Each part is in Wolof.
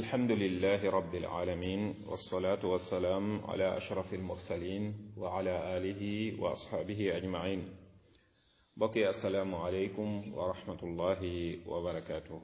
الحمد لله رب العالمين والصلاة والسلام على أشرف المرسلين وعلى آله وأصحابه أجمعين بقي السلام عليكم ورحمة الله وبركاته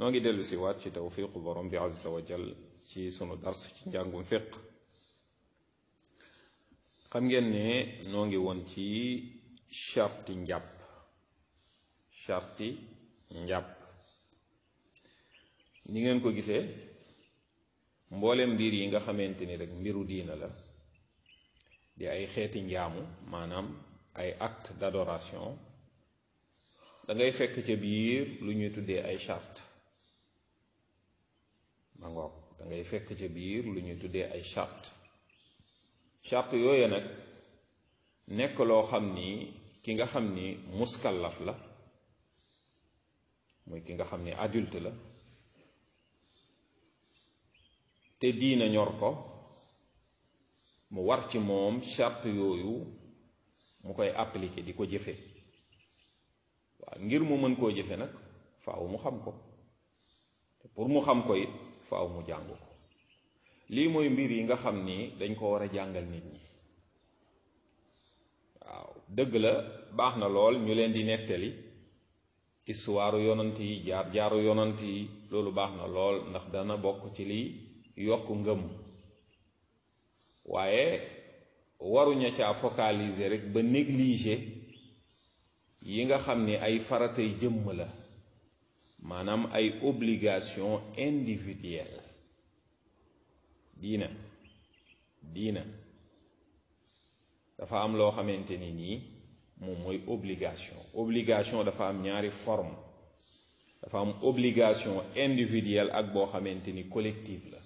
نوغي دلو سيوات شي توفيق برم عز وجل شي سنو درس شي جانغون فقه xam ngeen ne noo ngi woon ci charti ni ngeen ko gisee mboolem mbir yi nga xamante ni rek mbiru diina la di ay xeeti njaamu maanaam ay acte d'adoration da ngay fekk ca biir lu ñuy tuddee ay chart ma ngoog da ngay lu ñuy tuddee ay charte charte yooyu nag nekk loo xam ni ki nga xam ni muskallaf la muy ki nga xam ni adulte la te diina ñor ko mu war ci moom charte yooyu mu koy appliquer di ko jëfe waaw ngir mu mën koo jëfe nag faaw mu xam ko te pour mu xam ko it faaw mu jàng ko lii mooy mbir yi nga xam ni dañ ko war a jàngal nit ñi waaw dëgg la baax na lool ñu leen di nettali histoire yonant yi jaar jaaru yonant yi loolu baax na lool ndax dana bokk ci lii yokk ngëm waaye waruña caa focalisé rek ba négliger yi nga xam ni ay faratay jëmm la maanaam ay obligation individuelle diina diina dafa am loo xamante ni nii moom mooy obligation obligation dafa am ñaari forme dafa am obligation individuelle ak boo xamante ni collective la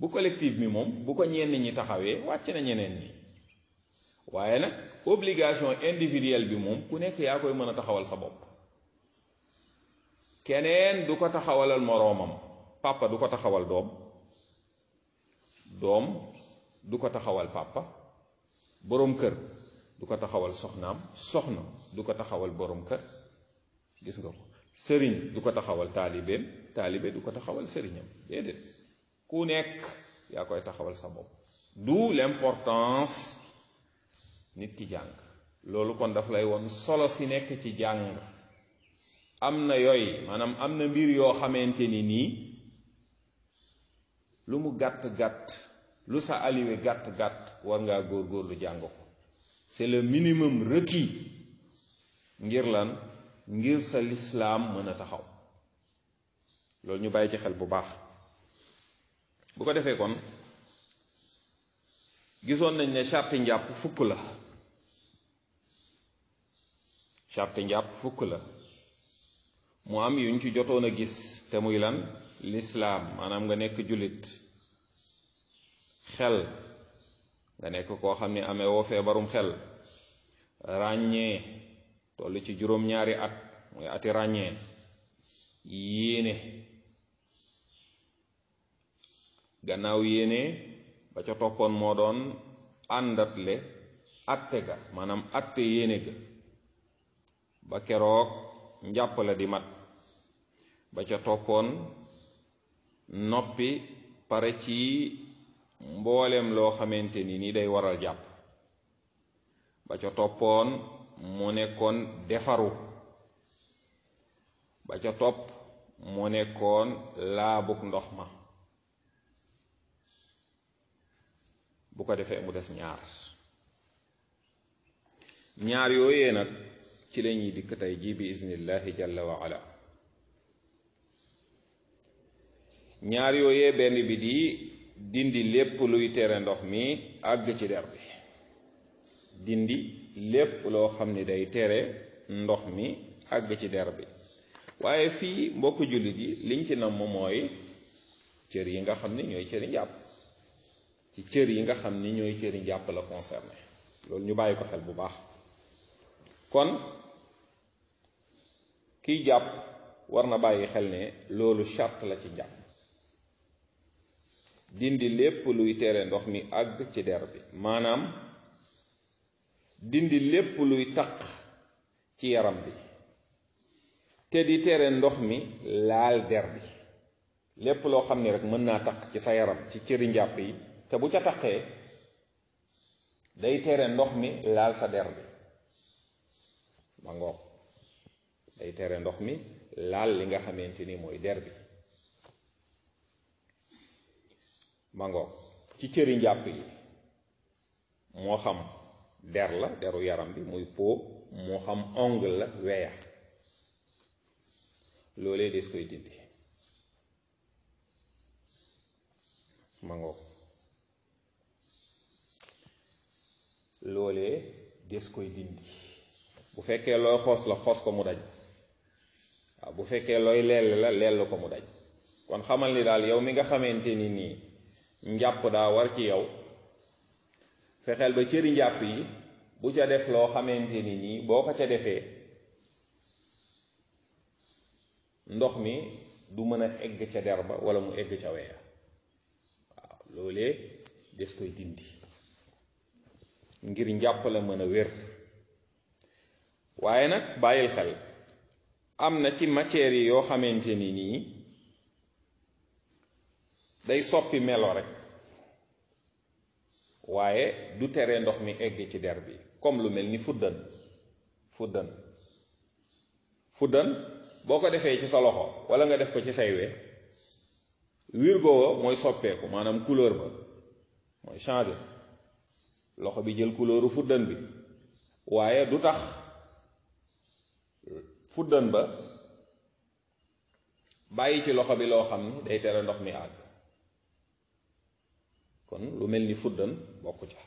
bu collectif mi mom bu ko ñenn ñi taxawé wàcc na ñeneen ñi waye nag obligation individuelle bi mom ku nekk ya koy mëna taxawal sa bop keneen du ko taxawalal moromam papa du ko taxawal dom dom du ko taxawal papa borom kër du ko taxawal soxnam soxna du ko taxawal borom kër gis nga ko serigne du ko taxawal taalibeem talibé du ko taxawal sëriñam déedéet ku nekk yaa koy taxawal sa bopp d'où l'importance nit ki jàng loolu kon daf lay won solo si nekk ci jàng am na yooy maanaam am na mbir yoo xamante ni nii lu mu gàtt-gàtt lu sa aliwe gàtt-gàtt war ngaa góorgóorlu jàng ko le minimum requis ngir lan ngir sa lislaam mën a taxaw loolu ñu bàyyi ci xel bu baax bu ko defee kon gisoon nañ ne charte njàpp fukk la charte njàpp fukk la mu am yuñ ci jotoon a gis te muy lan lislaam maanaam nga nekk jullit xel nga nekk koo xam ni amee woo feebarum xel ràññee toll ci juróom-ñaari at muy ati ràññee yéene gannaaw yéene ba ca toppoon moo doon àndatle atte ga maanaam atte yéene ga ba keroog njàpp la di mat ba ca toppoon noppi pare ci mboolem loo xamante ni ni day waral jàpp ba ca toppoon mu nekkoon defaru ba ca topp mu nekkoon laabuk ndox ma bu ko defee mu des ñaar ñaar yooyee nag ci la dikk tey ji bi iznillahi jalla wa ala ñaar yooyee benn bi di dindi lépp luy tere ndox mi àgg ci der bi dindi lépp loo xam ni day tere ndox mi àgg ci der bi waaye fii mbokk jullit yi liñ ci namm mooy cër yi nga xam ni ñooy cëri njàpp ci cër yi nga xam ni ñooy cër yi njàpp la concerné loolu ñu bàyyi ko xel bu baax kon kiy jàpp war na bàyyi xel ne loolu chart la ci njàpp dindi lépp luy tere ndox mi agg ci der bi maanaam dindi lépp luy taq ci yaram bi te di tere ndox mi laal der bi lépp loo xam ni rek mën naa taq ci sa yaram ci cëri njàpp yi te bu ca taqee day tere ndox mi laal sa der bi ma day tere ndox mi laal li nga xamante ni mooy der bi ma ci cëri njàpp yi moo xam der la deru yaram bi muy po moo xam ongle la weya loolee des koy dindi ma loolee des koy dindi bu fekkee looy xoos la xoos ko mu daj waaw bu fekkee looy leel la leel ko mu daj kon xamal ni daal yow mi nga xamante ni nii njàpp daa war ci yow fexeel ba cëri njàpp yi bu ca def loo xamante ni nii boo ko ca defee ndox mi du mën a egg ca der ba wala mu egg ca weya waaw loolee des koy dindi ngir la mën a wér waaye nag bàyyil xel am na ci matière yi yoo xamante ni nii day soppi melo rek waaye du tere ndox mi egg ci der bi comme lu mel ni fuddan fuddan fuddan boo ko defee ci sa loxo walla nga def ko ci say we wirgo wa mooy soppeeku maanaam couleur ba mooy changer loxo bi jël couleur fuddan bi waaye du tax fuddan ba bàyyi ci loxo bi loo xam ni day tere ndox mi àgg kon lu mel ni fuddan bokku ca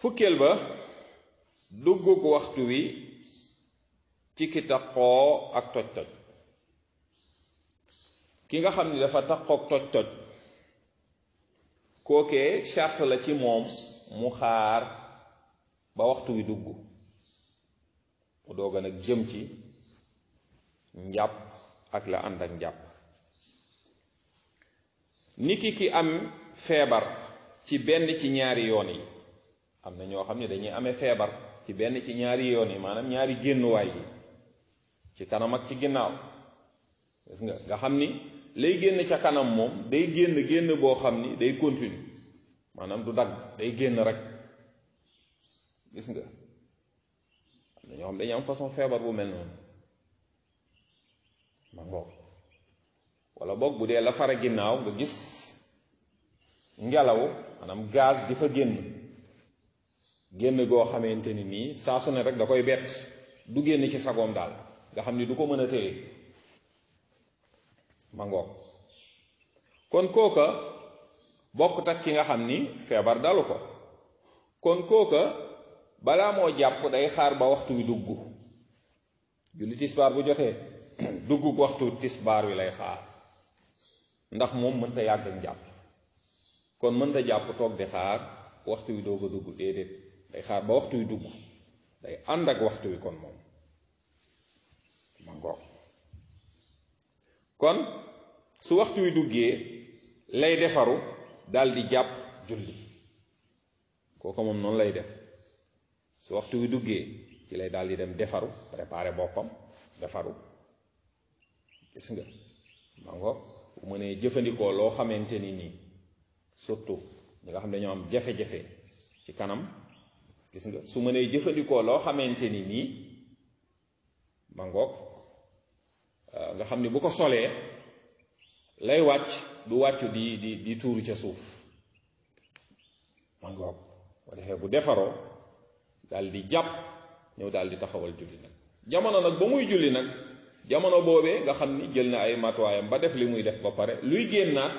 fukkeel ba dugguk waxtu wi ci ki taqoo ak toj toj ki nga xam ni dafa taqook toj toj kookee charte la ci moom mu xaar ba waxtu wi dugg mu dooga nag jëm ci njàpp ak la ànd ak njàpp niki ki am feebar ci benn ci ñaari yoon yi am na ñoo xam ne dañuy amee feebar ci benn ci ñaari yoon yi maanaam ñaari génnuwaay yi ci kanam ak ci ginnaaw gis nga nga xam ni lay génn ca kanam moom day génn génn boo xam ni day continue maanaam du dagg day génn rek gis nga am na ñoo xam dañu am façon feebar bu mel noonu ma ngoog wala boog bu dee la fare ginnaaw nga gis ngelaw maanaam gaz di fa génn génn goo xamante ni nii saa su ne rek da koy bett du génn ci sagoom daal nga xam ni du ko mën a téye ma ngoog kon kooka bokkut ak ki nga xam ni feebar dalu ko kon kooka balaa moo jàpp day xaar ba waxtu wi dugg julli tisbaar bu jotee dugg waxtu tisbaar wi lay xaar ndax moom mënta yàgg ak jàpp kon mënta jàpp toog di xaar waxtu wi doog a dugg déedéet day xaar ba waxtu wi dugg day ànd ak waxtu wi kon moom ma ngoog kon su waxtu wi duggee lay defaru daal di jàpp julli kooku moom noonu lay def su waxtu wi duggee ci lay di dem defaru préparé boppam defaru gis nga ma ngo bu mënee jëfandikoo loo xamante ni nii surtout ñi nga xam ne dañoo am jafe-jafe ci kanam gis nga su mënee jëfandikoo loo xamante ni nii ma ngoog nga xamni bu ko solé lay wàcc du wacc di di di touru ci souf man ngoog wala defee bu défaro dal di jàpp ñëw dal di taxawal julli nak jamono nak ba muy julli nak jamono bobé nga xamni jël na ay matuwaayam ba def li muy def ba pare luy génnaat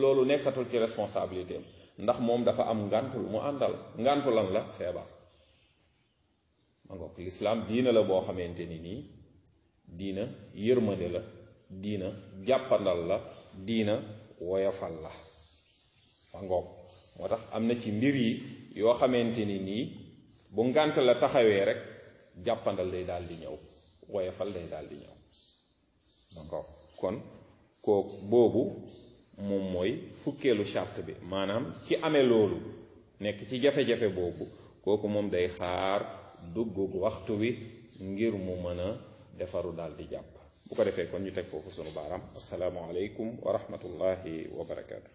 lolu nekkatul ci responsabilité ndax mom dafa am ngantul mu àndal ngantul lan la feebar ma l'islam diina la bo xamanteni ni diina yërmande la diina jàppandal la diina woyofal la ma ngoog moo tax am na ci mbir yi yoo xamante ni nii bu ngànt la taxawee rek jàppandal day daal di ñëw woyofal day daal di ñëw ma ngoog kon kook boobu moom mooy fukkeelu charte bi maanaam ki amee loolu nekk ci jafe-jafe boobu kooku moom day xaar duggug waxtu wi ngir mu mën a defaru daal di jàpp bu ko defee kon ñu teg foofu sunu baaram assalaamu aleykum wa rahmatullahi wa barakaatu